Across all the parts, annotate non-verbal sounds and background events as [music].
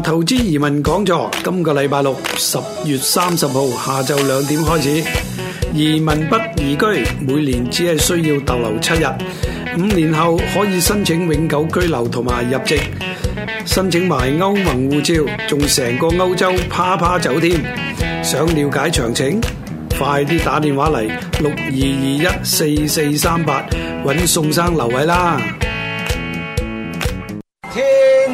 投資移民講座，今個禮拜六十月三十號下晝兩點開始。移民不移居，每年只係需要逗留七日，五年後可以申請永久居留同埋入籍，申請埋歐盟護照，仲成個歐洲趴趴走添。想了解詳情，快啲打電話嚟六二二一四四三八，揾宋生留位啦。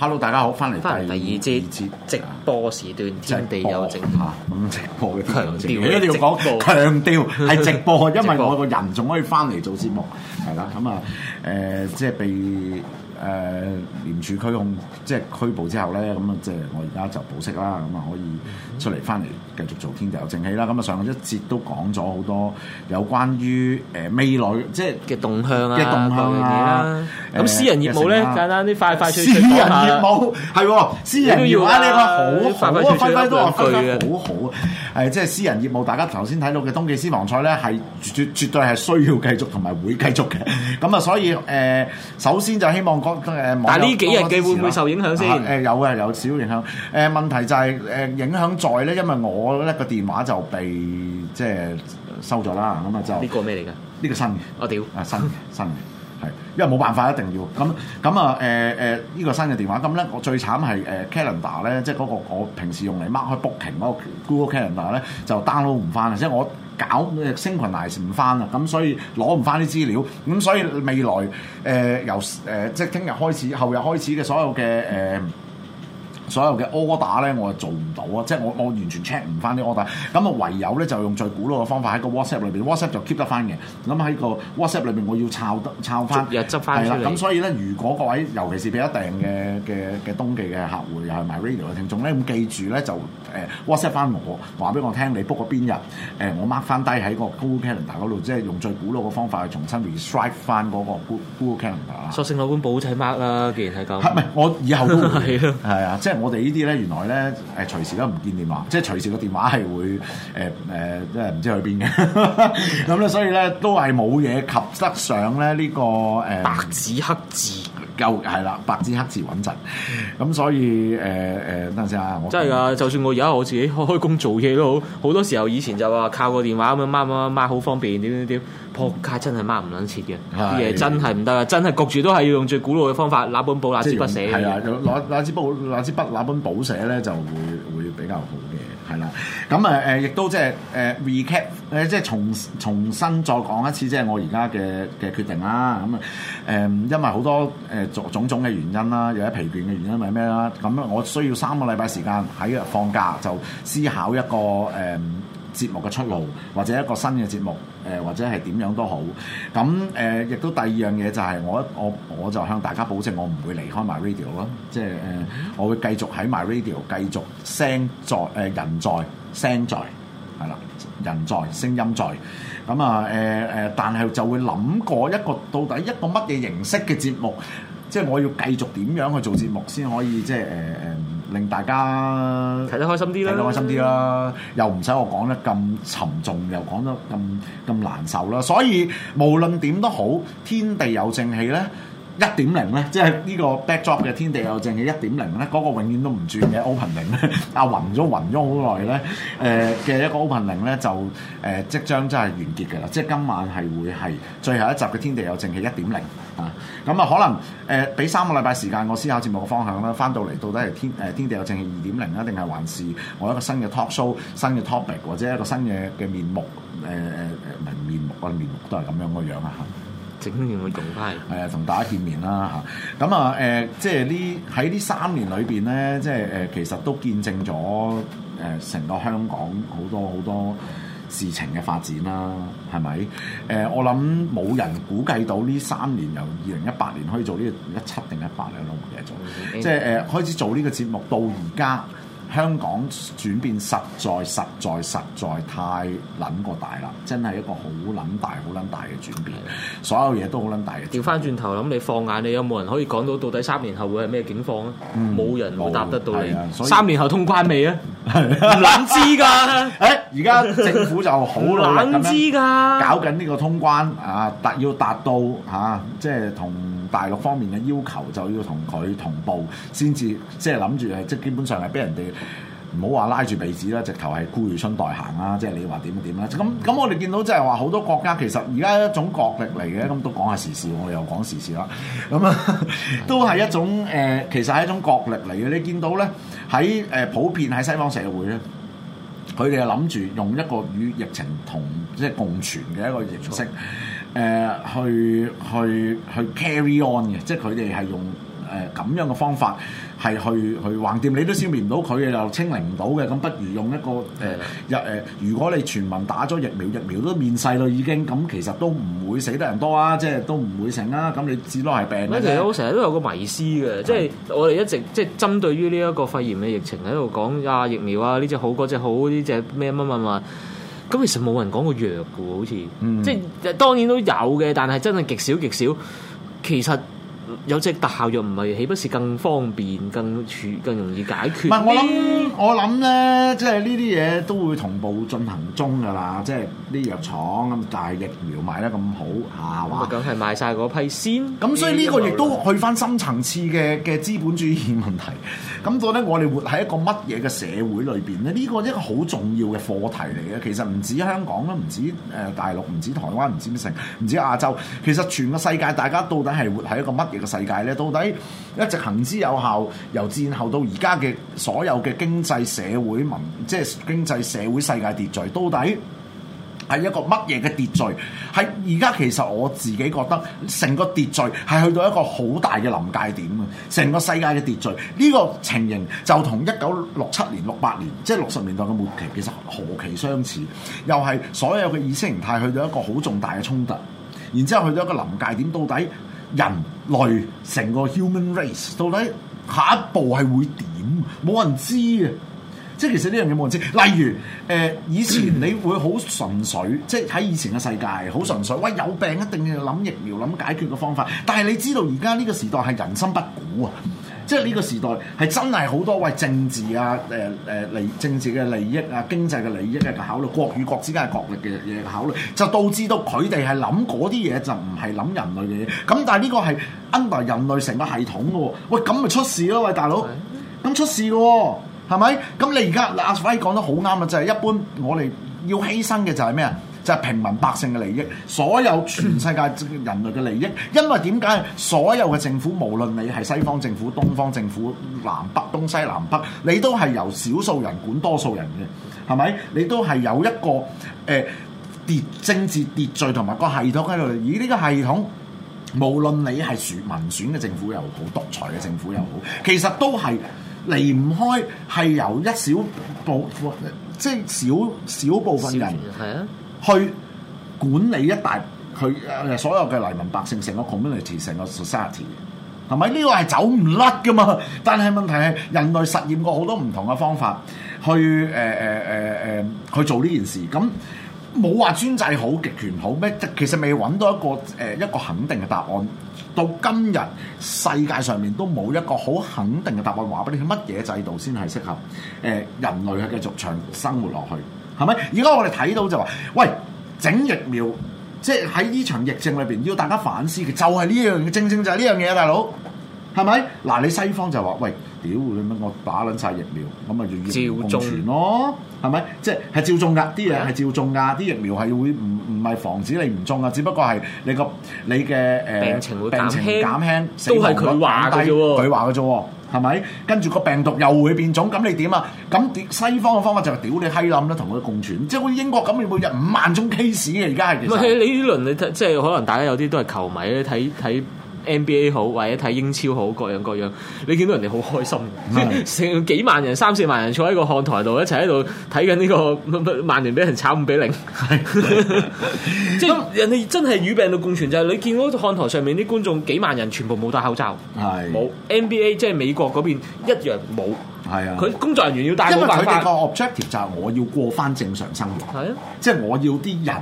Hello，大家好，翻嚟，翻嚟第二節節直播時段，天地有正氣吓，咁直播嘅天地有正，一定要講強調，係直播，因為我個人仲可以翻嚟做節目，係啦播，咁啊，誒、呃，即係被。誒廉、呃、署拘控，即係拘捕之後咧，咁啊，即係我而家就保釋啦，咁啊可以出嚟返嚟繼續做天地有正氣啦。咁啊上一節都講咗好多有關於誒未來即係嘅動向啊，動向啦、啊。咁私人業務咧，簡單啲快快。私人業務係，私人業務呢個好、呃、快，快脆脆、哦、啊，分分好好啊。誒即係私人業務，大家頭先睇到嘅東記私房菜咧，係絕絕對係需要繼續同埋會繼續嘅。咁啊，所以誒、呃，首先就希望各、那個、但係呢幾日嘅會唔會受影響先？誒有嘅，有少影響。誒、呃、問題就係、是、誒影響在咧，因為我咧個電話就被即係收咗啦。咁啊就呢個咩嚟㗎？呢個新嘅。我屌的啊！新新嘅。係，因為冇辦法，一定要咁咁啊誒誒，呢、呃呃這個新嘅電話咁咧，我最慘係誒、呃、Calendar 咧，即係、那、嗰個我平時用嚟 mark 開 booking 嗰個 Google Calendar 咧，就 download 唔翻啊！即係我搞 synchronize 唔翻啊！咁所以攞唔翻啲資料，咁所以未來誒、呃、由誒、呃、即係聽日開始、後日開始嘅所有嘅誒。呃所有嘅 order 咧，我係做唔到啊！即係我我完全 check 唔翻啲 order，咁啊唯有咧就用最古老嘅方法喺個 WhatsApp 裏面。WhatsApp 就 keep 得翻嘅。咁喺個 WhatsApp 裏面，我要抄抄翻，係啦。咁所以咧，如果各位尤其是俾一定嘅嘅嘅冬季嘅客戶又係 MyRadio 嘅聽眾咧，記住咧就、呃、WhatsApp 翻我，話俾我聽你 book 咗邊日，我 mark 翻低喺個 Google Calendar 嗰度，即係用最古老嘅方法去重新 rescribe 翻嗰個 Google Calendar 啊！索性攞本簿仔 mark 啦，既然係咁。係唔係我以後都會係啊？即 [laughs] 的 [laughs] 我哋呢啲咧，原來咧誒隨時都唔見電話，即係隨時個電話係會誒誒，即係唔知去邊嘅。咁咧，所以咧都係冇嘢及得上咧、這、呢個誒、呃、白紙黑字。夠係啦，白紙黑字穩陣。咁所以誒誒、呃，等陣先啊！我真係噶，就算我而家我自己開工做嘢都好，好多時候以前就話靠個電話咁樣掹掹掹好方便，點點點，撲街真係掹唔卵切嘅，啲嘢真係唔得啊！真係焗住都係要用最古老嘅方法，拿本簿拿支筆寫。係啊，拿拿支筆拿支筆拿，拿本簿寫咧，就會會比較好。係啦，咁誒亦都即係 recap，即係重重新再講一次，即係我而家嘅嘅決定啦。咁啊、呃、因為好多誒、呃、種種嘅原因啦，有一疲倦嘅原因，咪咩啦？咁我需要三個禮拜時間喺放假就思考一個、呃節目嘅出路，或者一個新嘅節目，誒、呃、或者係點樣都好。咁誒、呃，亦都第二樣嘢就係我我我就向大家保證，我唔會離開 My Radio 咯。即係誒，我會繼續喺 My Radio 繼續聲在誒、呃、人在聲在，係啦人在聲音在。咁啊誒誒，但係就會諗過一個到底一個乜嘢形式嘅節目，即係我要繼續點樣去做節目先可以即係誒誒。呃令大家睇得開心啲啦，睇得開心啲啦，又唔使我講得咁沉重，又講得咁咁難受啦。所以無論點都好，天地有正氣咧，一點零咧，即係呢個 backdrop 嘅天地有正氣一點零咧，嗰個永遠都唔轉嘅 opening 咧，阿暈咗暈咗好耐咧，誒嘅一個 opening 咧就誒即將真係完結嘅啦，即係今晚係會係最後一集嘅天地有正氣一點零。咁啊可能誒俾、呃、三個禮拜時間我思考節目嘅方向啦，翻到嚟到底係天誒、呃、天地有正氣二點零啦，定係還是我一個新嘅 talk show、新嘅 topic 或者一個新嘅嘅面目誒誒誒面面目啊面目都係咁樣嘅樣啊嚇，整啲嘢會動翻，係啊，同、啊、大家見面啦嚇，咁啊誒、啊呃、即係呢喺呢三年裏邊咧，即係誒、呃、其實都見證咗誒成個香港好多好多。事情嘅發展啦，係咪、呃？我諗冇人估計到呢三年由二零一八年可以做呢個一七定一八嘅咁嘅嘢做，mm hmm. 即係誒、呃、開始做呢個節目到而家。香港轉變實在實在實在，實在太撚過大啦！真係一個好撚大好撚大嘅轉變，所有嘢都好撚大嘅。調翻轉頭，咁你放眼，你有冇人可以講到到底三年後會係咩境況咧？冇、嗯、人會答得到你。所以三年後通關未咧？唔撚知㗎！誒，而家政府就好努力咁搞緊呢個通關啊，達要達到嚇，即係同。就是大陸方面嘅要求就要同佢同步，先至即係諗住係即係基本上係俾人哋唔好話拉住鼻子啦，直頭係孤餘春代行啦，即係你話點點啦。咁咁我哋見到即係話好多國家其實而家一種角力嚟嘅，咁都講下時事，我哋又講時事啦。咁啊，都係一種誒、呃，其實係一種角力嚟嘅。你見到咧喺誒普遍喺西方社會咧，佢哋又諗住用一個與疫情同即係、就是、共存嘅一個形式。誒、呃、去去去 carry on 嘅，即係佢哋係用誒咁、呃、樣嘅方法係去去橫掂，你都消滅唔到佢嘅，又清零唔到嘅，咁不如用一個誒日誒，如果你全民打咗疫苗，疫苗都面世啦已經，咁其實都唔會死得人多啊，即係都唔會成啊，咁你至嬲係病人。其實我成日都有個迷思嘅，即係我哋一直即係針對於呢一個肺炎嘅疫情喺度講啊疫苗啊，呢隻好，嗰隻好，呢隻咩乜乜乜。這咁其實冇人講過藥喎，好似，嗯、即係當然都有嘅，但係真係極少極少。其實有隻特效藥唔係，豈不是更方便、更處、更容易解決？我諗咧，即係呢啲嘢都會同步進行中㗎啦，即係啲藥廠咁，大疫苗賣得咁好嚇，話梗係賣晒嗰批先。咁所以呢個亦都去翻深層次嘅嘅資本主義問題。咁到底我哋活喺一個乜嘢嘅社會裏面咧？呢、呢個一個好重要嘅課題嚟嘅。其實唔止香港啦，唔止誒大陸，唔止台灣，唔知咩成，唔止亞洲。其實全個世界，大家到底係活喺一個乜嘢嘅世界咧？到底？一直行之有效，由戰後到而家嘅所有嘅經濟社會民，即係經濟社會世界秩序，到底係一個乜嘢嘅秩序？喺而家其實我自己覺得，成個秩序係去到一個好大嘅臨界點啊！成個世界嘅秩序呢個情形，就同一九六七年、六八年，即係六十年代嘅末期，其實何其相似，又係所有嘅意識形態去到一個好重大嘅衝突，然之後去到一個臨界點，到底？人類成個 human race 到底下一步係會點？冇人知啊！即係其實呢樣嘢冇人知。例如、呃、以前你會好純粹，即係喺以前嘅世界好純粹，喂，有病一定要諗疫苗、諗解決嘅方法。但係你知道而家呢個時代係人心不古啊！即係呢個時代係真係好多為政治啊，誒誒利政治嘅利益啊，經濟嘅利益嘅考慮，國與國之間嘅角力嘅嘢考慮，就導致到佢哋係諗嗰啲嘢就唔係諗人類嘅嘢。咁但係呢個係 under 人類成個系統嘅喎，喂咁咪出事咯，喂大佬，咁出事咯，係咪？咁你而家阿輝講得好啱啊，就係、是、一般我哋要犧牲嘅就係咩啊？即係平民百姓嘅利益，所有全世界人類嘅利益。因為點解？所有嘅政府，無論你係西方政府、東方政府、南北東西南北，你都係由少數人管多數人嘅，係咪？你都係有一個誒政、呃、政治秩序同埋個系統喺度。而呢個系統無論你係選民選嘅政府又好，獨裁嘅政府又好，其實都係離唔開，係由一小部，即係少少部分人。係啊。去管理一大佢誒所有嘅黎民百姓，成個 community，成個 society，係咪呢？呢個係走唔甩㗎嘛？但係問題係人類實驗過好多唔同嘅方法去誒誒誒誒去做呢件事，咁冇話專制好，極權好咩？即其實未揾到一個誒、呃、一個肯定嘅答案。到今日世界上面都冇一個好肯定嘅答案話俾你聽，乜嘢制度先係適合誒、呃、人類去繼續長生活落去？係咪？而家我哋睇到就話，喂，整疫苗，即係喺呢場疫症裏邊，要大家反思嘅，就係呢樣嘢，正正就係呢樣嘢啊，大佬，係咪？嗱，你西方就話，喂，屌你乜我打撚晒疫苗，咁咪要應盡共存咯，係咪照中？即係係照中㗎，啲嘢係照中㗎，啲疫苗係會唔唔係防止你唔中啊？只不過係你個你嘅誒、呃、病情會減輕，減輕都係佢話㗎啫喎，佢話咗啊。係咪？跟住個病毒又會變種，咁你點啊？咁西方嘅方法就係屌你閪冧啦，同佢共存，即係好似英國咁，每日五萬宗 case 嘅而家係。唔係你呢輪你睇，即係可能大家有啲都係球迷咧睇睇 NBA 好或者睇英超好，各樣各樣，你見到人哋好開心，成是的 幾萬人、三四萬人坐喺個看台度，一齊喺度睇緊呢個曼聯俾人炒五比零，即係人哋真係與病毒共存，就係、是、你見到看台上面啲觀眾幾萬人全部冇戴口罩，冇是的 NBA 即係美國嗰邊一樣冇，係啊，佢工作人員要戴。因為佢哋個 objective 就係我要過翻正常生活，即係是的 我要啲人。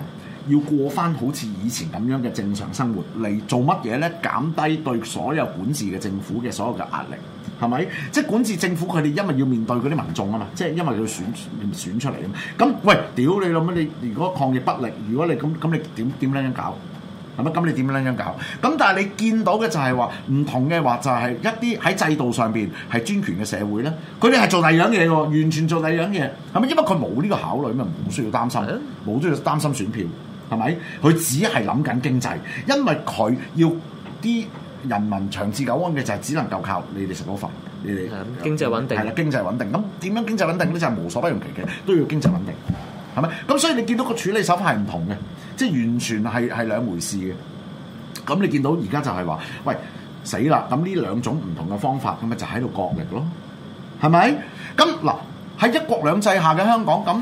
要過翻好似以前咁樣嘅正常生活，嚟做乜嘢咧？減低對所有管治嘅政府嘅所有嘅壓力，係咪？即管治政府佢哋，因為要面對嗰啲民眾啊嘛，即係因為要選，選出嚟啊嘛。咁喂，屌你諗你如果抗疫不力，如果你咁咁，你點點樣樣搞？係咪？咁你點樣樣搞？咁但係你見到嘅就係話唔同嘅話，就係一啲喺制度上面係專權嘅社會咧。佢哋係做第二樣嘢喎，完全做第二樣嘢係咪？因為佢冇呢個考慮，咪唔需要擔心，冇需要擔心選票。係咪？佢只係諗緊經濟，因為佢要啲人民長治久安嘅就係只能夠靠你哋食到飯，你哋經濟穩定。係啦，經濟穩定。咁點樣經濟穩定咧？就係無所不用其極，都要經濟穩定，係咪？咁所以你見到個處理手法係唔同嘅，即係完全係係兩回事嘅。咁你見到而家就係話，喂，死啦！咁呢兩種唔同嘅方法，咁咪就喺度角力咯，係咪？咁嗱，喺一國兩制下嘅香港咁。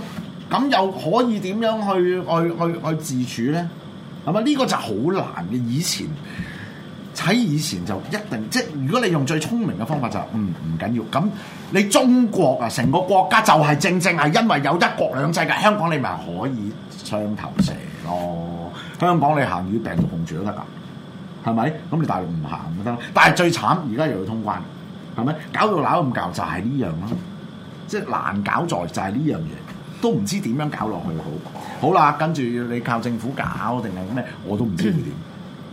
咁又可以點樣去去去，去自處呢？係咪呢個就好難嘅？以前喺以前就一定，即係如果你用最聰明嘅方法就唔唔緊要。咁、嗯、你中國啊成個國家就係正正係因為有一國兩制嘅香港，你咪可以雙頭蛇咯。香港你行與病毒碰住都得㗎，係咪？咁你大陸唔行咁得。但係最慘而家又要通關，係咪？搞到鬧咁搞，就係呢樣啦，即係難搞在就係呢樣嘢。都唔知點樣搞落去好，好啦，跟住要你靠政府搞定係咩？我都唔知會點。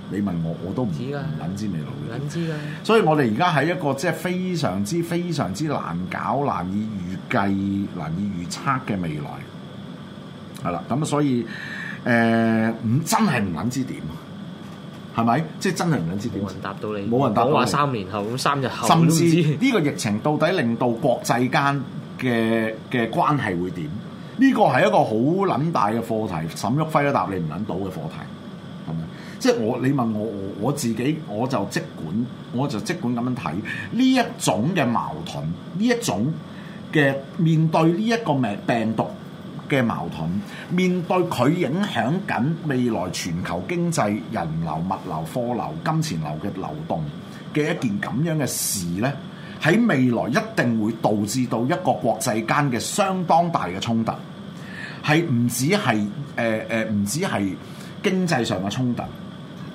你問我，我都唔唔撚知未來知。所以我哋而家喺一個即係非常之非常之難搞、難以預計、難以預測嘅未來，係啦。咁所以誒，唔、呃、真係唔撚知點，係咪？即係真係唔撚知點。冇人答到你，冇人答我。我話三年後，三日後，甚至呢個疫情到底令到國際間嘅嘅關係會點？呢個係一個好撚大嘅課題，沈旭暉一答你唔撚到嘅課題，即係我你問我，我自己我就即管，我就即管咁樣睇呢一種嘅矛盾，呢一種嘅面對呢一個病毒嘅矛盾，面對佢影響緊未來全球經濟、人流、物流、貨流、金錢流嘅流動嘅一件咁樣嘅事呢，喺未來一定會導致到一個國際間嘅相當大嘅衝突。係唔止係誒誒，唔止係經濟上嘅衝突，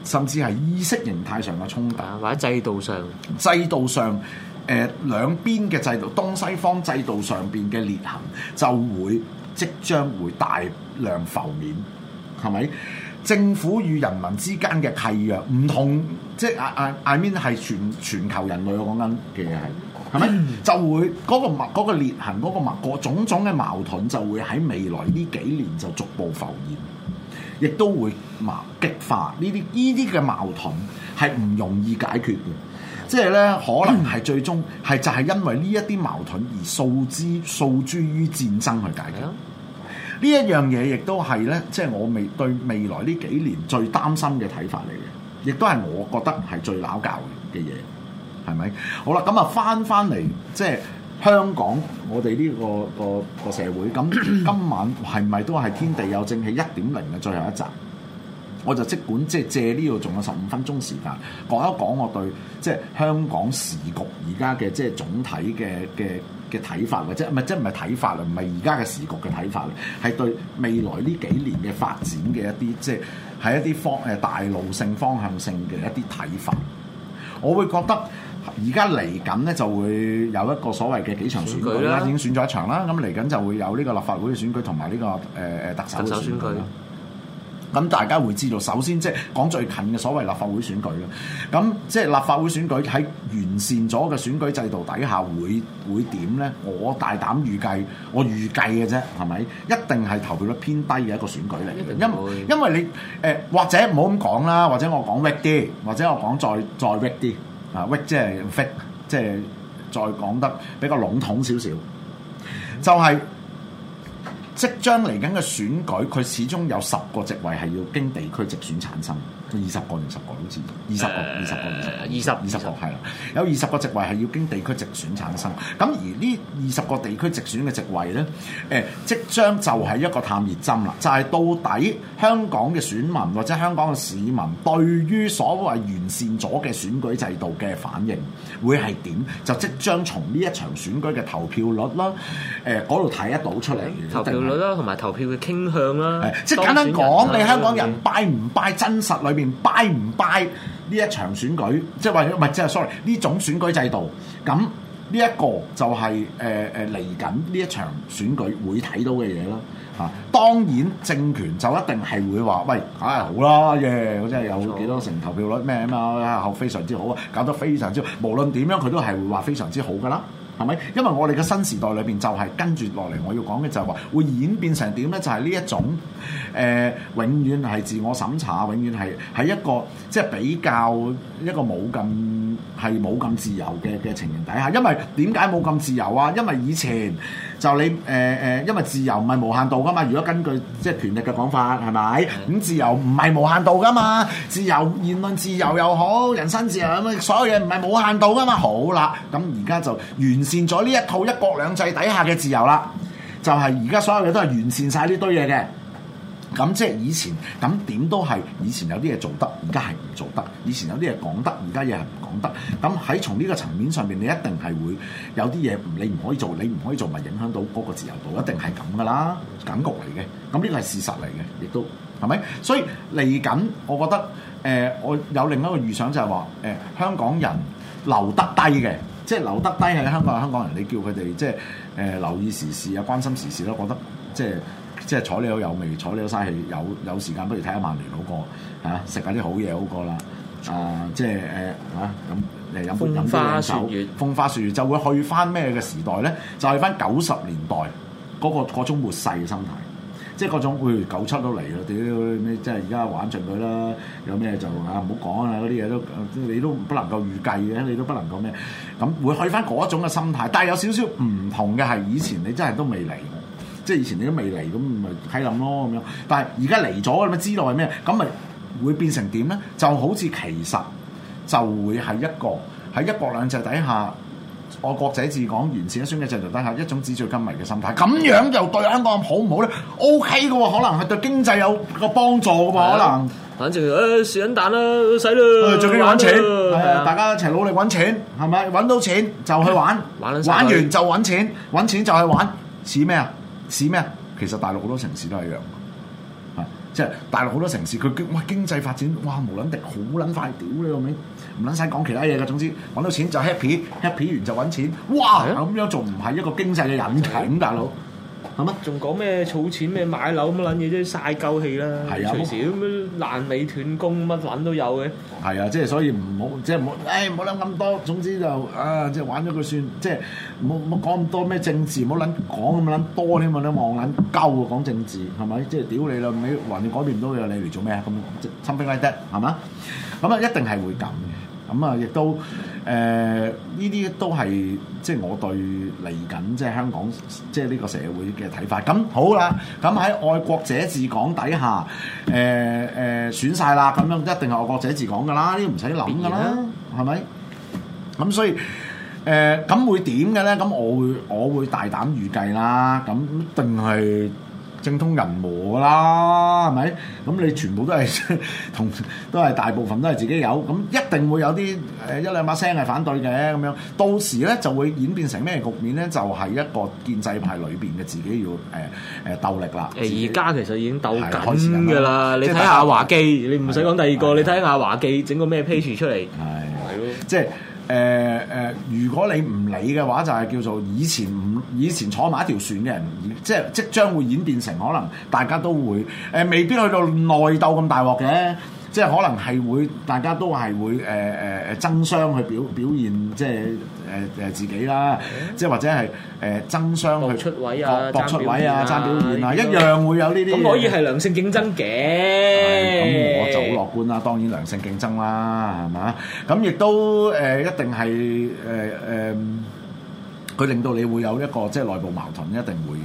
甚至係意識形態上嘅衝突，或者制度上，制度上誒、呃、兩邊嘅制度，東西方制度上面嘅裂痕就會即將會大量浮面，係咪？政府與人民之間嘅契約不，唔同即係誒誒，I mean 係全全球人類我講緊嘅係。 [noise] 就會嗰、那個矛、那個、裂痕、嗰、那個矛、各、那個、種種嘅矛盾就會喺未來呢幾年就逐步浮現，亦都會矛激化呢啲呢啲嘅矛盾係唔容易解決嘅，即係咧可能係最終係 [noise] 就係因為呢一啲矛盾而訴諸訴諸於戰爭去解決。呢一樣嘢亦都係咧，即、就、係、是、我未對未來呢幾年最擔心嘅睇法嚟嘅，亦都係我覺得係最撚教嘅嘢。係咪？好啦，咁啊，翻翻嚟，即係香港，我哋呢個個社會，咁今晚係咪都係天地有正氣一點零嘅最後一集？我就即管即係借呢度仲有十五分鐘時間，講一講我對即係香港時局而家嘅即係總體嘅嘅嘅睇法，或者唔係即係唔係睇法啦，唔係而家嘅時局嘅睇法啦，係對未來呢幾年嘅發展嘅一啲即係係一啲方誒大路性方向性嘅一啲睇法，我會覺得。而家嚟緊咧就會有一個所謂嘅幾場選舉，選舉啦，已經選咗一場啦。咁嚟緊就會有呢個立法會嘅選舉同埋呢個誒誒、呃、特首嘅選舉啦。咁大家會知道，首先即係講最近嘅所謂立法會選舉嘅。咁即係立法會選舉喺完善咗嘅選舉制度底下會，會會點咧？我大膽預計，我預計嘅啫，係咪一定係投票率偏低嘅一個選舉嚟嘅？因為因為你誒、呃，或者唔好咁講啦，或者我講 wide 啲，或者我講再再 wide 啲。啊 wick 即係即係再講得比較籠統少少，就係即將嚟緊嘅選舉，佢始終有十個席位，係要經地區直選產生。二十個，二十個，好似二十個，二十個，二十，二十個，係啦，有二十個席位係要經地區直選產生。咁而呢二十個地區直選嘅席位呢，誒，即將就係一個探熱針啦，就係、係、到底香港嘅選民或者香港嘅市民對於所謂完善咗嘅選舉制度嘅反應會係點？就即將從呢一場選舉嘅投票率啦，誒嗰度睇得到出嚟。投票率啦、啊，同埋投票嘅傾向啦、啊，係即簡單講，你香港人拜唔拜真實裏面？buy 唔 buy 呢一場選舉，即係話唔係即係 sorry 呢種選舉制度，咁呢一個就係誒誒嚟緊呢一場選舉會睇到嘅嘢啦。吓、啊，當然政權就一定係會話喂，唉、哎、好啦，耶、yeah,，我真係有幾多成投票率咩啊？好非常之好啊，搞得非常之好，無論點樣佢都係會話非常之好噶啦。係咪？因為我哋嘅新時代裏邊就係跟住落嚟，我要講嘅就係話會演變成點咧？就係、是、呢一種誒、呃，永遠係自我審查，永遠係喺一個即係、就是、比較一個冇咁。係冇咁自由嘅嘅情形底下，因為點解冇咁自由啊？因為以前就你誒誒、呃，因為自由唔係無限度㗎嘛。如果根據即係權力嘅講法，係咪？咁自由唔係無限度㗎嘛，自由言論自由又好，人身自由又好，所有嘢唔係無限度㗎嘛。好啦，咁而家就完善咗呢一套一國兩制底下嘅自由啦，就係而家所有嘢都係完善晒呢堆嘢嘅。咁即係以前，咁點都係以前有啲嘢做得，而家係唔做得；以前有啲嘢講得，而家嘢係唔講得。咁喺從呢個層面上面，你一定係會有啲嘢你唔可以做，你唔可以做咪影響到嗰個自由度，一定係咁噶啦，感覺嚟嘅。咁呢個係事實嚟嘅，亦都，係咪？所以嚟緊，我覺得誒、呃，我有另一個預想就係話，誒、呃、香港人留得低嘅，即係留得低喺香港香港人，你叫佢哋即係誒、呃、留意時事啊，關心時事啦，覺得即係。即係睬你好有味，睬你好嘥氣有有時間，不如睇下萬年好過食下啲好嘢好過啦。啊，即係誒嚇咁，誒、啊、飲花飲杯飲酒。風花，風花雪月就會去翻咩嘅時代咧？就係翻九十年代嗰、嗰個嗰種末世嘅心態，即係嗰種誒九七都嚟啦，屌咩！即係而家玩盡佢啦，有咩就嚇唔好講啊！嗰啲嘢都你都不能夠預計嘅，你都不能夠咩？咁會去翻嗰種嘅心態，但係有少少唔同嘅係以前你真係都未嚟。即係以前你都未嚟咁，咪睇諗咯咁樣。但係而家嚟咗咁咪知道係咩？咁咪會變成點咧？就好似其實就會係一個喺一國兩制底下，愛國者治港，完善一宣嘅制度底下，一種紙醉金迷嘅心態。咁樣又對香港好唔好咧？OK 嘅喎，可能係對經濟有個幫助嘅嘛。係嘅可能。反正誒，試卵蛋啦，使啦，最緊要揾錢。玩，大家一齊努力揾錢，係咪？揾到錢就去玩，玩，去玩完就揾錢，揾錢就去玩，似咩啊？是咩？其實大陸好多城市都係一樣嘅，啊！即係大陸好多城市，佢經哇經濟發展，哇無撚敵好撚快，屌你老味！唔撚使講其他嘢㗎，總之揾到錢就 happy，happy [music] happy 完就揾錢，哇！咁樣仲唔係一個經濟嘅引擎，大佬。係咩？仲講咩儲錢咩買樓咁撚嘢啫？嘥鳩氣啦！隨時咁樣爛尾斷供，乜撚都有嘅。係啊，即係所以唔好，即係唔好，唉，唔好諗咁多。總之就啊，即係玩咗佢算，即係唔好唔好講咁多咩政治，唔好撚講咁撚多添啊！你望撚鳩啊，講政治係咪？即係屌你啦，你還你改變唔到嘅，你嚟做咩？咁 something like that 係嘛？咁啊，一定係會咁嘅。咁啊，亦都。誒呢啲都係即係我對嚟緊即係香港即係呢個社會嘅睇法。咁好啦，咁喺愛國者治港底下，呃呃、選晒啦，咁樣一定係愛國者治港噶啦，呢啲唔使諗噶啦，係咪喻？咁所以呃、咁會點嘅咧？咁我會我會大膽預計啦，咁定係。政通人和啦，係咪？咁你全部都係同都係大部分都係自己有，咁一定會有啲一,一兩把聲係反對嘅咁樣。到時咧就會演變成咩局面咧？就係、是、一個建制派裏面嘅自己要誒、呃、鬥力啦。而家其實已經鬥緊㗎啦！你睇下阿華記，的你唔使講第二個，你睇下阿華記整個咩 page 出嚟。係係咯，即係。誒誒、呃呃，如果你唔理嘅話，就係、是、叫做以前唔以前坐埋一條船嘅人，即即將會演變成可能大家都會、呃、未必去到內鬥咁大鑊嘅。即係可能係會，大家都係會誒誒誒爭相去表表現，即係誒誒自己啦，即係或者係誒、呃、爭相去出位啊，搏出位啊，爭表現啊，啊一樣會有呢啲。咁可以係良性競爭嘅。咁我就好樂觀啦，當然良性競爭啦，係嘛？咁亦都誒、呃、一定係誒誒，佢、呃呃、令到你會有一個即係內部矛盾，一定會。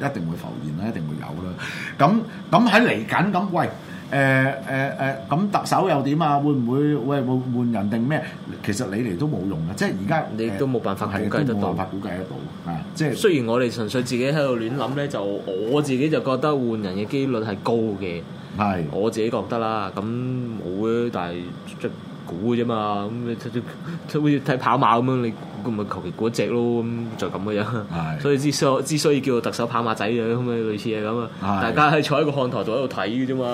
一定會浮現啦，一定會有啦。咁咁喺嚟緊，咁喂誒誒誒，咁特首又點啊？會唔會喂換換人定咩？其實你嚟都冇用嘅，即係而家你都冇辦法係估冇辦法估計得到啊！即係雖然我哋純粹自己喺度亂諗咧，就我自己就覺得換人嘅機率係高嘅，係我自己覺得啦。咁冇咧，但係即係。估嘅啫嘛，咁你好似睇跑馬咁樣，你咪求其嗰隻咯，咁就咁、係、嘅樣。所以之所以之所以叫做特首跑馬仔啊，咁咪類似係咁啊。大家係坐喺個看台度喺度睇嘅啫嘛，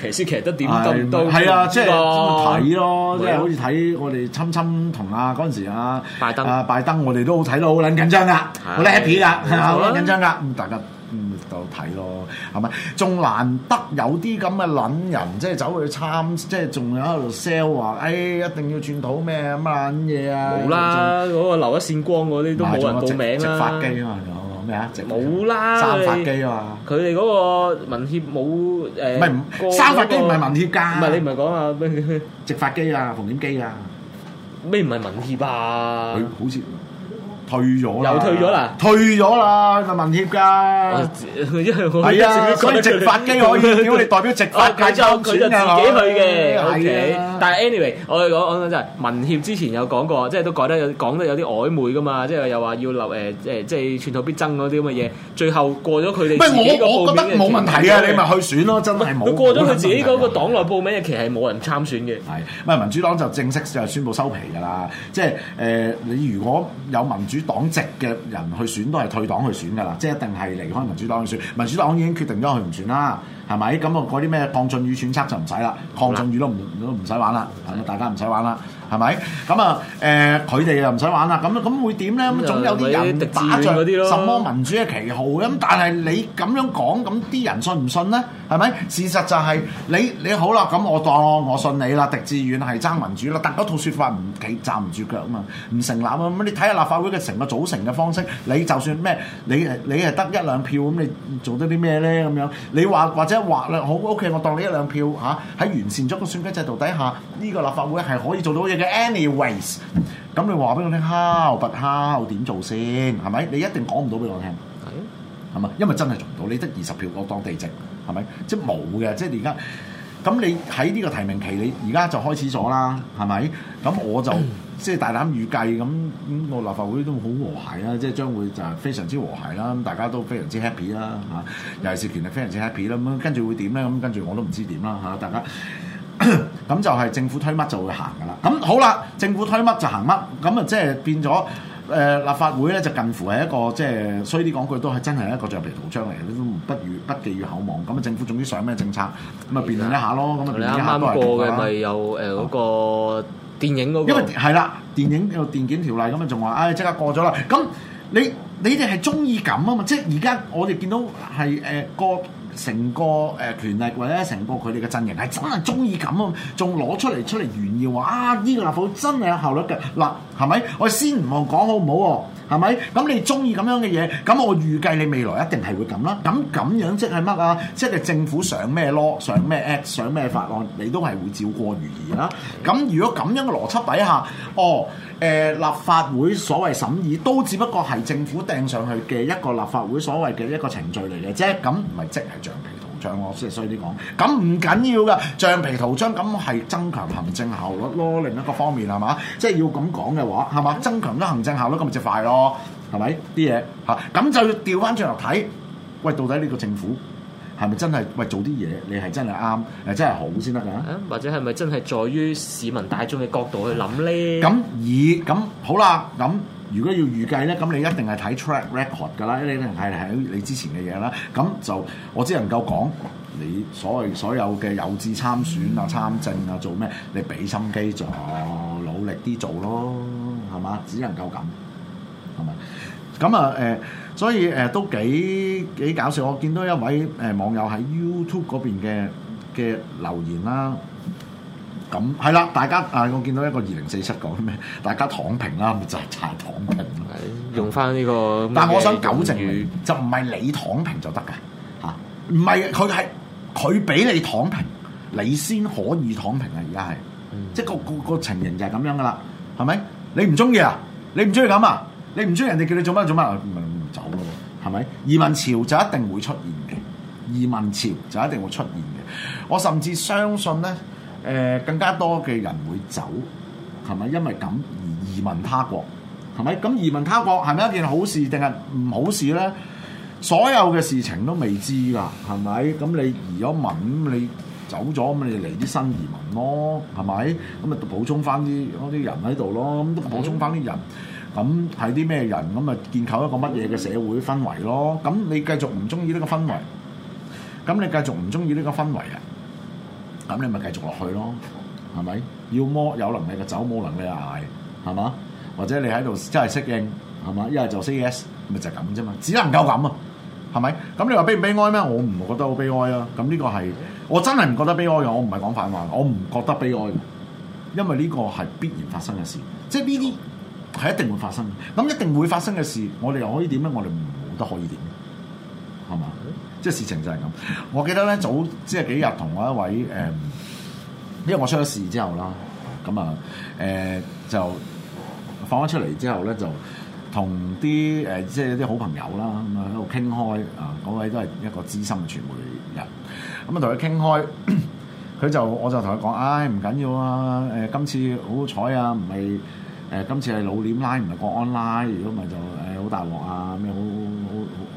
騎師騎得點咁多？係啊，即係睇咯，即係好似睇我哋侵侵同阿嗰陣時阿阿拜登，啊、拜登我哋都好睇到好撚緊張㗎，好的 happy 㗎，好的的緊張㗎，咁的大家。到睇咯，係咪？仲難得有啲咁嘅撚人，即係走去參，即係仲喺度 sell 話，誒一定要轉到咩乜撚嘢啊？冇啦，嗰個留一線光嗰啲都冇人報名啦。直發機啊嘛，咩啊？冇啦。三發機啊嘛。佢哋嗰個文協冇誒。唔係，三發機唔係文協噶。唔係你唔係講啊咩？直發機啊，逢點機啊，咩唔係文協啊？佢好似。退咗又退咗啦，退咗啦個民協噶，係啊，佢、啊、直發機可以，我哋代表直發、啊，佢就自己去嘅。但係 anyway，我哋講講真，民協之前有講過，即係都講得有講得有啲曖昧噶嘛，即係又話要留誒、呃，即係即係存託必爭寸土必爭嗰啲咁嘅嘢，最後過咗佢哋。我，我覺得冇問題啊，以你咪去選咯，真係冇。佢過咗佢自己嗰個黨內報名，其實係冇人參選嘅。係，唔係民主黨就正式就宣布收皮噶啦，即係誒、呃，你如果有民主。民主黨籍嘅人去選都係退黨去選噶啦，即係一定係離開民主黨去選。民主黨已經決定咗去唔選啦，係咪？咁啊，嗰啲咩鄺俊宇揣測就唔使啦，鄺俊宇都唔都唔使玩啦，朋友大家唔使玩啦，係咪？咁啊誒，佢哋又唔使玩啦，咁咁會點咧？咁總有啲人打著什麼民主嘅旗號咁，但係你咁樣講，咁啲人信唔信咧？係咪事實就係你你好啦？咁我當我，我信你啦。狄志遠係爭民主啦，但嗰套説法唔企站唔住腳啊嘛，唔成立啊。咁你睇下立法會嘅成個組成嘅方式，你就算咩，你你係得一兩票咁，你做到啲咩咧？咁樣你話或者話好 OK，我當你一兩票吓喺、啊、完善咗個選舉制度底下，呢、呢個立法會係可以做到嘢嘅。Anyways，咁你話俾我聽，how，but how 點做先係咪？你一定講唔到俾我聽係係咪？因為真係做唔到，你得二十票個當地直。係咪？即係冇嘅，即係而家咁。你喺呢個提名期，你而家就開始咗啦，係咪？咁我就即係大膽預計咁，咁個立法會都好和諧啦！即係將會就係非常之和諧啦，咁大家都非常之 happy 啦，嚇！尤其是權力非常之 happy 啦，咁跟住會點咧？咁跟住我都唔知點啦，嚇大家。咁 [coughs] 就係政府推乜就會行噶啦。咁好啦，政府推乜就行乜，咁啊即係變咗。誒、呃、立法會咧就近乎係一個即係，衰啲講句都係真係一個橡皮圖章嚟嘅，你都不如不寄予厚望。咁啊，政府總之上咩政策，咁啊辯論一下咯，咁啊辯論一下都係。你啱啱過嘅咪有誒嗰個電影嗰、那個，因為係啦，電影有電檢條例咁、哎呃、啊，仲話唉即刻過咗啦。咁你你哋係中意咁啊嘛？即係而家我哋見到係誒個成個誒權力或者成個佢哋嘅陣營係真係中意咁啊，仲攞出嚟出嚟炫耀話啊呢個立法會真係有效率嘅嗱。係咪？我先唔望講好唔好喎？係咪？咁你中意咁樣嘅嘢，咁我預計你未來一定係會咁啦。咁咁樣即係乜啊？即係政府上咩咯？上咩 act？上咩法案？你都係會照過如儀啦。咁如果咁樣嘅邏輯底下，哦，誒、呃、立法會所謂審議都只不過係政府掟上去嘅一個立法會所謂嘅一個程序嚟嘅啫。咁唔係即係橡皮。先衰啲講咁唔緊要噶，橡皮圖章咁係增強行政效率咯。另一個方面係嘛，即係要咁講嘅話係嘛，增強咗行政效率咁咪就快咯，係咪啲嘢嚇？咁就要調翻轉頭睇，喂，到底呢個政府係咪真係喂做啲嘢？你係真係啱，真係好先得㗎？或者係咪真係在於市民大眾嘅角度去諗咧？咁以咁好啦，咁。如果要預計咧，咁你一定係睇 track record 噶啦，你係喺你之前嘅嘢啦。咁就我只能夠講你所謂所有嘅有志參選啊、參政啊、做咩，你俾心機做，努力啲做咯，係嘛？只能夠咁，係咪？咁啊誒，所以誒、呃、都幾幾搞笑。我見到一位誒、呃、網友喺 YouTube 嗰邊嘅嘅留言啦。咁係啦，大家啊，我見到一個二零四七講咩？大家躺平啦，咪就係躺平用翻呢個，但係我想糾正，就唔係你躺平就得嘅嚇，唔係，佢係佢俾你躺平，你先可以躺平啊！而家係，即係個個個情形就係咁樣噶啦，係咪？你唔中意啊？你唔中意咁啊？你唔中意人哋叫你做乜做乜，咪、啊、走咯？係咪？移民潮就一定會出現嘅，移民潮就一定會出現嘅。我甚至相信咧，誒更加多嘅人會走係咪？因為咁而移民他國係咪？咁移民他國係咪一件好事定係唔好事咧？所有嘅事情都未知㗎，係咪？咁你移咗民，咁你走咗，咁你嚟啲新移民咯，係咪？咁咪補充翻啲嗰啲人喺度咯，咁補充翻啲人，咁係啲咩人？咁咪建構一個乜嘢嘅社會氛圍咯？咁你繼續唔中意呢個氛圍，咁你繼續唔中意呢個氛圍啊！咁你咪繼續落去咯，係咪？要麼有能力嘅走，冇能力捱、就係，係嘛？或者你喺度真係適應，係嘛？一係就 CS 咪就係咁啫嘛，只能夠咁啊，係咪？咁你話悲唔悲哀咩？我唔覺得好悲哀啊。咁呢個係我真係唔覺得悲哀嘅，我唔係講反話，我唔覺得悲哀，因為呢個係必然發生嘅事，即係呢啲係一定會發生嘅。咁一定會發生嘅事，我哋又可以點咧？我哋唔得可以點咧？係嘛？即係事情就係咁，我記得咧早，即係幾日同我一位誒，因為我出咗事之後啦，咁啊誒就放咗出嚟之後咧就同啲誒即係啲好朋友啦咁啊喺度傾開啊，嗰位都係一個資深的傳媒人，咁啊同佢傾開，佢就我就同佢講，唉唔緊要啊，誒今次好彩啊，唔係誒今次係老廉拉，唔係國安拉，如果唔係就誒、啊、好大鑊啊咩好。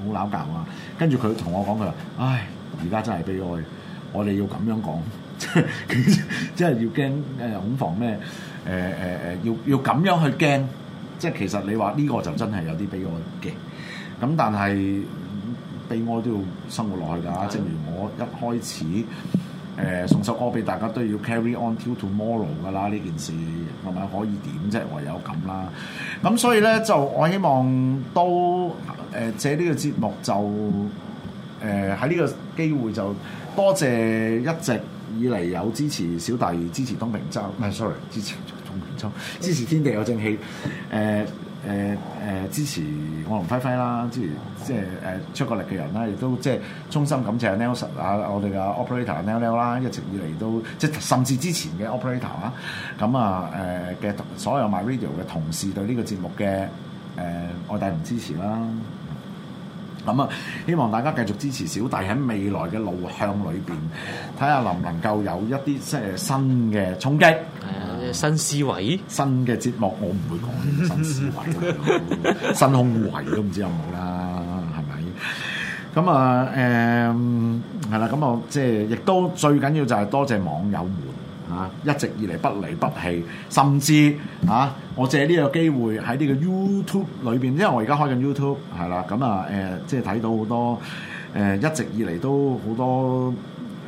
好鬧交啊！跟住佢同我講佢話，唉，而家真係悲哀，我哋要咁樣講，即係即係要驚恐防咩？誒誒誒，要要咁樣去驚，即係其實你話呢個就真係有啲悲哀嘅。咁但係悲哀都要生活落去㗎，正如我一開始誒、呃、送首歌俾大家都要 carry on till tomorrow 噶啦。呢件事問咪可以點啫？即係唯有咁啦。咁所以咧就我希望都。誒，借呢、呃這個節目就誒，喺、呃、呢個機會就多謝一直以嚟有支持小弟，支持東平洲，唔係 sorry，支持鍾鍾洲，支持天地有正氣，誒誒誒，支持我同輝輝啦，支持即係誒出過力嘅人啦，亦都即係衷心感謝 Nelson 啊，我哋嘅 operator Neil Neil 啦，一直以嚟都即係甚至之前嘅 operator 啊，咁啊誒嘅所有 MyRadio 嘅同事對呢個節目嘅誒愛戴同支持啦。咁啊，希望大家繼續支持小弟喺未來嘅路向裏邊，睇下能唔能夠有一啲即係新嘅衝擊、新思維，新嘅節目我唔會講新思維， [laughs] 新胸圍都唔知有冇啦，係咪？咁啊，誒係啦，咁啊即係亦都最緊要就係多謝網友們。啊，一直以嚟不離不棄，甚至啊，我借呢個機會喺呢個 YouTube 裏邊，因為我而家開緊 YouTube 係啦，咁啊誒，即係睇到好多誒、呃，一直以嚟都好多誒、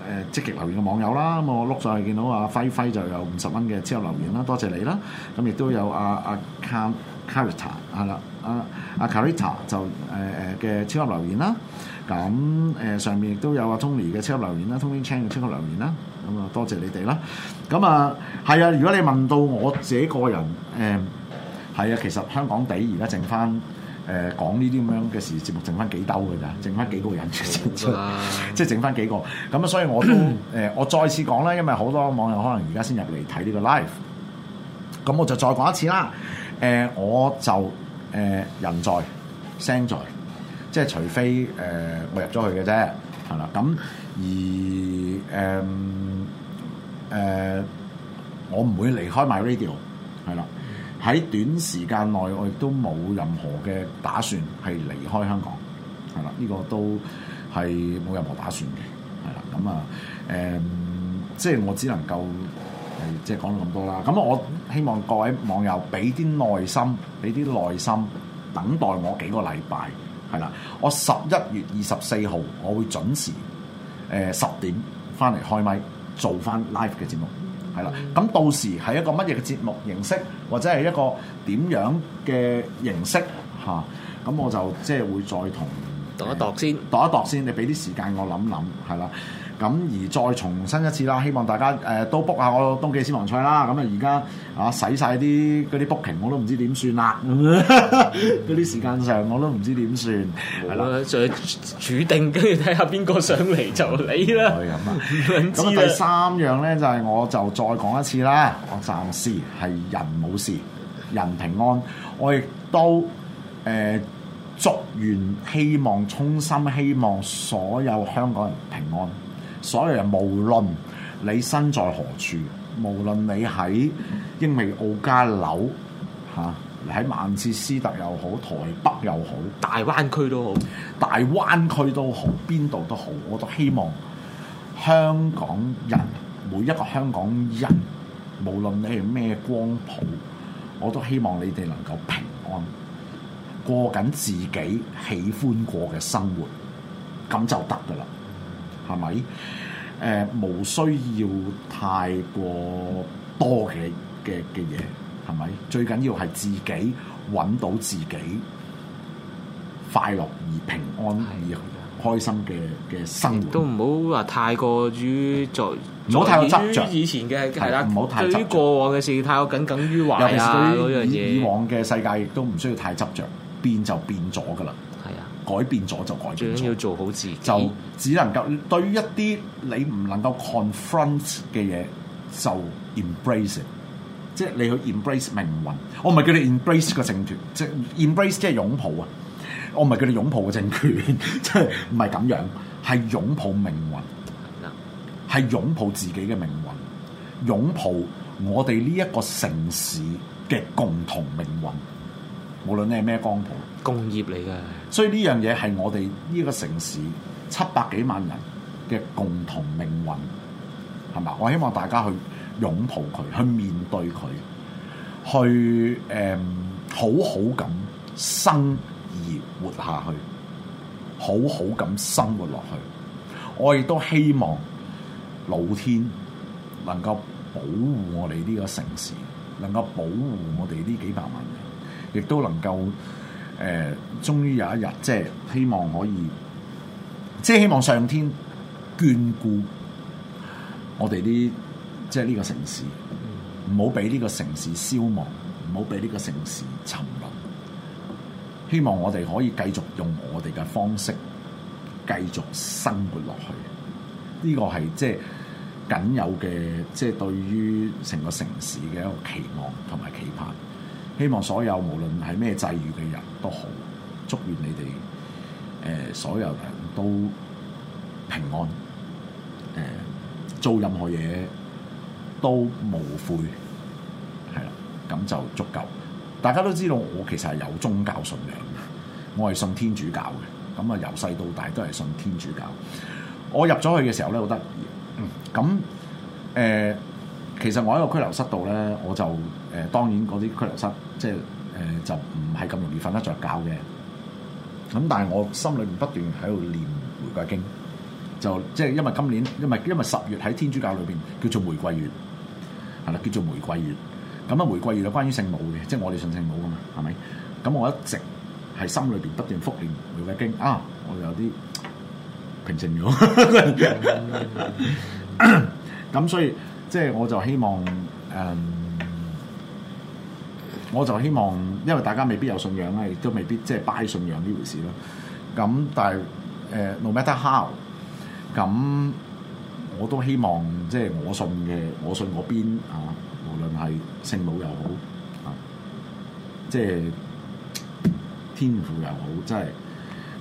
呃、積極留言嘅網友啦。咁我碌上去見到啊輝輝就有五十蚊嘅超級留言啦，多謝你啦。咁亦都有啊啊 Carita 係啦，啊啊 Carita 就誒誒嘅超級留言啦。咁誒、呃、上面亦都有啊 Tony 嘅超級留言啦，Tony Chan 嘅超級留言啦。啊。咁啊，多謝你哋啦！咁啊，係啊，如果你問到我自己個人，誒、嗯、係啊，其實香港地而家剩翻誒講呢啲咁樣嘅事，節目剩下，剩翻幾兜㗎咋，剩翻幾個人，即係即係剩翻幾個。咁啊，所以我都誒、呃，我再次講啦，因為好多網友可能而家先入嚟睇呢個 live，咁我就再講一次啦。誒、呃，我就誒、呃、人在聲在，即係除非誒、呃、我入咗去嘅啫，係啦、啊，咁。而誒誒、嗯嗯，我唔會離開 My Radio 係啦。喺短時間內，我亦都冇任何嘅打算係離開香港係啦。呢、這個都係冇任何打算嘅係啦。咁啊誒，即係我只能夠係即係講咁多啦。咁我希望各位網友俾啲耐心，俾啲耐心等待我幾個禮拜係啦。我十一月二十四號，我會準時。誒十點翻嚟開咪，做翻 live 嘅節目，係啦，咁到時係一個乜嘢嘅節目形式，或者係一個點樣嘅形式嚇，咁我就即係會再同度一度先，度一度先，你俾啲時間我諗諗，係啦。咁而再重申一次啦，希望大家誒、呃、都 book 下我東記私房菜啦。咁啊，而家啊洗曬啲嗰啲 booking，我都唔知點算啦。嗰啲 [laughs] 時間上我都唔知點算。係啦 [laughs] 好，就註定跟住睇下邊個上嚟就嚟啦。係咁啊。咁第三樣咧就係、是，我就再講一次啦。我暫時係人冇事，人平安。我亦都誒、呃，祝願希望，衷心希望所有香港人平安。所有人無論你身在何處，無論你喺英美澳加紐、啊、你喺曼徹斯特又好，台北又好，大灣區都好，大灣區都好，邊度都好，我都希望香港人每一個香港人，無論你係咩光譜，我都希望你哋能夠平安過緊自己喜歡過嘅生活，咁就得噶啦。係咪？誒、呃，無需要太過多嘅嘅嘅嘢，係咪？最緊要係自己揾到自己快樂而平安而的開心嘅嘅生活。都唔好話太過於在，唔好的做於 太過執着。以前嘅係啦，唔好的的太執著於過往嘅事，太過耿耿於懷啊！嗰樣嘢，以往嘅世界亦都唔需要太執着，變就變咗噶啦。改變咗就改變咗，要做好自己就只能夠對於一啲你唔能夠 confront 嘅嘢就 embrace，即係你去 embrace 命運。我唔係叫你 embrace 個政權，即係 embrace 即係擁抱啊！我唔係叫你擁抱個政權，即係唔係咁樣，係擁抱命運，係擁抱自己嘅命運，擁抱我哋呢一個城市嘅共同命運，無論你係咩光譜。共業嚟嘅，所以呢樣嘢係我哋呢個城市七百幾萬人嘅共同命運，係嘛？我希望大家去擁抱佢，去面對佢，去誒、嗯、好好咁生而活下去，好好咁生活落去。我亦都希望老天能夠保護我哋呢個城市，能夠保護我哋呢幾百萬人，亦都能夠。誒，終於、呃、有一日，即係希望可以，即係希望上天眷顧我哋啲，即係呢個城市，唔好俾呢個城市消亡，唔好俾呢個城市沉淪。希望我哋可以繼續用我哋嘅方式繼續生活落去。呢、這個係即係僅有嘅，即係對於成個城市嘅一個期望同埋期盼。希望所有無論係咩際遇嘅人都好，祝願你哋、呃、所有人都平安。呃、做任何嘢都無悔，係啦，咁就足夠。大家都知道我其實係有宗教信仰嘅，我係信天主教嘅，咁啊由細到大都係信天主教。我入咗去嘅時候咧，好得意。咁、嗯其實我喺個拘留室度咧，我就誒、呃、當然嗰啲拘留室即係誒、呃、就唔係咁容易瞓得着覺嘅。咁但係我心裏邊不斷喺度念玫瑰經，就即係因為今年因為因為十月喺天主教裏邊叫做玫瑰月，係啦叫做玫瑰月。咁啊玫瑰月就關於聖母嘅，即係我哋信聖母噶嘛，係咪？咁我一直喺心裏邊不斷復念玫瑰經。啊，我有啲平靜咗，咁、 [laughs] 嗯嗯嗯、 [coughs] 所以。即係我就希望誒、嗯，我就希望，因為大家未必有信仰咧，亦都未必即係拜信仰呢回事咯。咁但係誒、呃、no matter how，咁我都希望即係我信嘅，我信嗰邊嚇、啊，無論係聖母又好嚇、啊，即係天父又好，即係誒、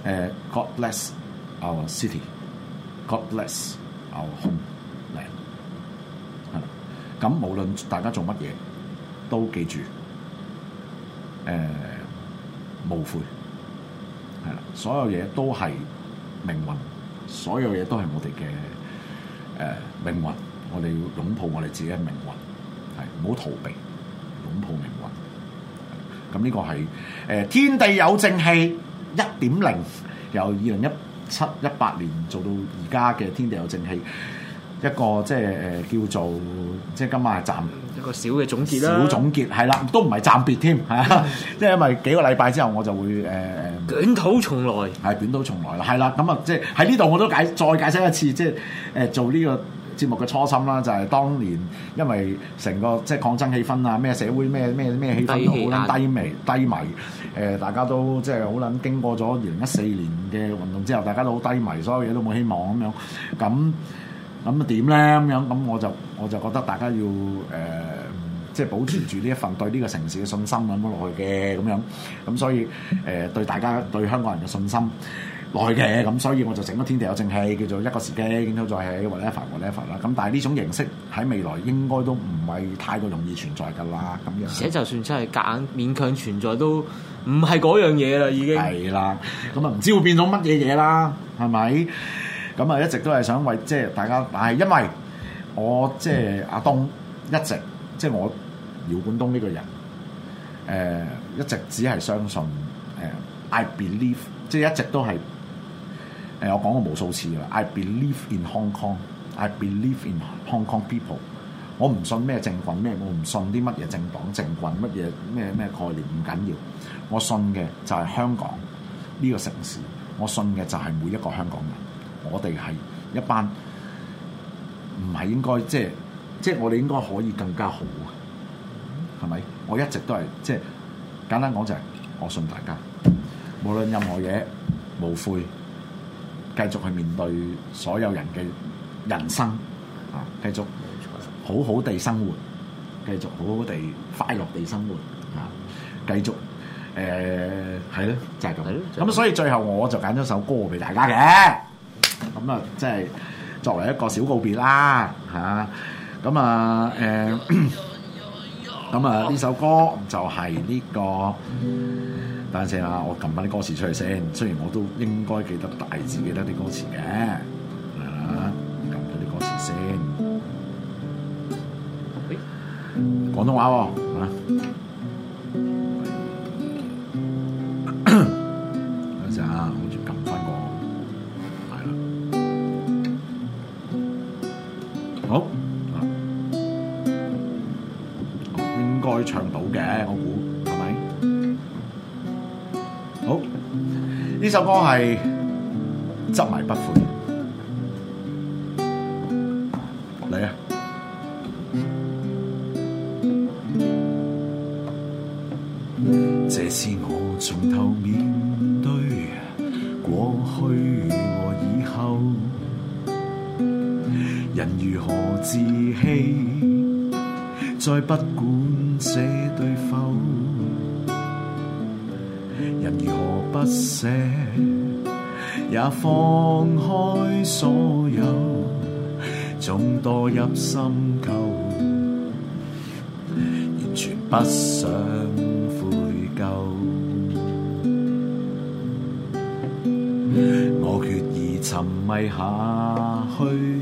呃、God bless our city，God bless our home。咁無論大家做乜嘢，都記住，誒無悔，係啦。所有嘢都係命運，所有嘢都係我哋嘅誒命運。我哋要擁抱我哋自己嘅命運，係唔好逃避，擁抱命運。咁呢個係誒天地有正氣一點零，由二零一七一八年做到而家嘅天地有正氣。一個即係誒叫做即係今晚係暫一個小嘅總結啦，小總結係啦，都唔係暫別添，係即係因為幾個禮拜之後我就會誒、呃、捲土重來，係捲土重來係啦，咁啊即係喺呢度我都解再解釋一次，即係誒做呢個節目嘅初心啦，就係、是、當年因為成個即係抗爭氣氛啊，咩社會咩咩咩氣氛都好撚低微低迷誒血、呃，大家都即係好撚經過咗二零一四年嘅運動之後，大家都好低迷，所有嘢都冇希望咁樣咁。咁啊點咧咁樣呢？咁我就我就覺得大家要即係、呃即係、保持住呢一份對呢個城市嘅信心咁落去嘅咁樣。咁所以誒、呃，對大家對香港人嘅信心落去嘅。咁所以我就整個天地有正氣，叫做一個時機，然後再係 whatever whatever 啦。咁但係呢種形式喺未來應該都唔係太過容易存在㗎啦。咁樣而且就算真係夾硬勉強存在，都唔係嗰樣嘢啦。已經係啦。咁啊唔知會變咗乜嘢嘢啦？係咪？咁啊、嗯，一直都係想為，即係大家，但係因為我即係阿東一直即係我姚冠東呢個人，誒、呃，一直只係相信誒、呃，I believe，即係一直都係誒、呃，我講過無數次啦，I believe in Hong Kong，I believe in Hong Kong people。我唔信咩政棍咩，我唔信啲乜嘢政黨政棍乜嘢咩咩概念唔緊要，我信嘅就係香港呢個城市，我信嘅就係每一個香港人。我哋係一班唔係應該即係即係我哋應該可以更加好啊，係咪？我一直都係即係簡單講就係我信大家，無論任何嘢無悔，繼續去面對所有人嘅人生啊，繼續好好地生活，繼續好好地快樂地生活啊，繼續誒係咯，呃，係嘅，就係咁，咁所以最後我就揀咗首歌俾大家嘅。咁啊，即係作為一個小告別啦，嚇！咁啊，誒，咁啊，呢、呃啊、首歌就係呢、呢個。等陣先啊，我撳翻啲歌詞出嚟先。雖然我都應該記得大致記得啲歌詞嘅，啦、啊，撳到啲歌詞先。誒，Okay. 廣東話喎、啊，啊好，啊，應該唱到嘅，我估係咪？好，呢首歌係執迷不悔。嚟啊，嗯、這是我從頭面。人如何自欺，再不管這對否？人如何不捨，也放開所有，縱墮入深溝，完全不想悔疚。我決意沉迷下去。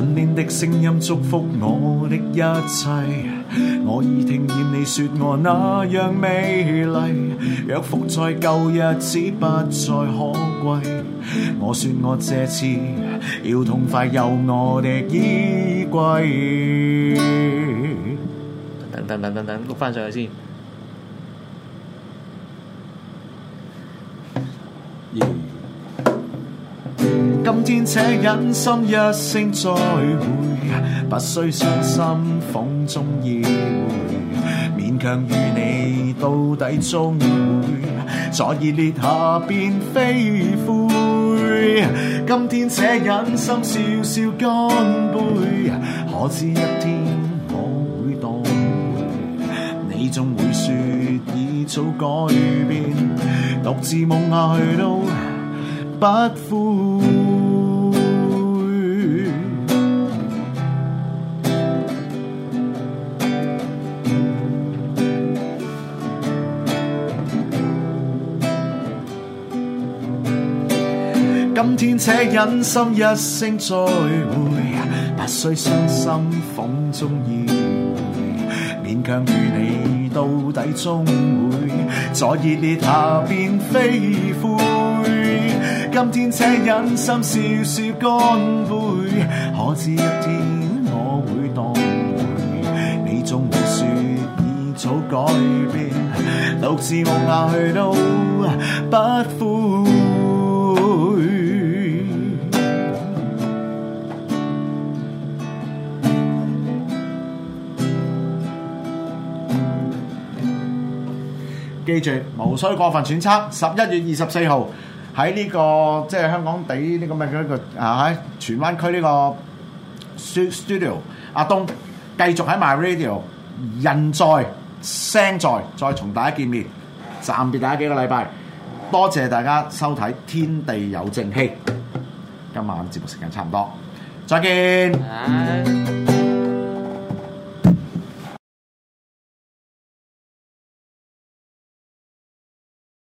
身邊的聲音祝福我的一切，我已聽厭你說我那樣美麗。若復在舊日子不再可貴，我說我這次要痛快有我的依歸。等等等等等，碌翻上去先。今天且忍心一聲再會，不需傷心風中意會，勉強與你到底終會，在熱烈下變飛灰。今天且忍心笑笑乾杯，可知一天我會懂，你總會說已早改變，獨自夢下去都不悔。今天且忍心一聲再會，不需傷心風中衣。勉強與你到底終會，在熱烈下便飛灰。今天且忍心笑說乾杯，可知一天我會當回。你終會說已早改變，獨自往下去都不悔。記住，無需過分揣測。十一月二十四號喺呢個即係香港地呢咁嘅一個喺荃灣區呢個 studio，阿東繼續喺 MyRadio，人在聲在，再同大家見面，暫別大家幾個禮拜。多謝大家收睇《天地有正氣》，今晚節目時間差唔多，再見。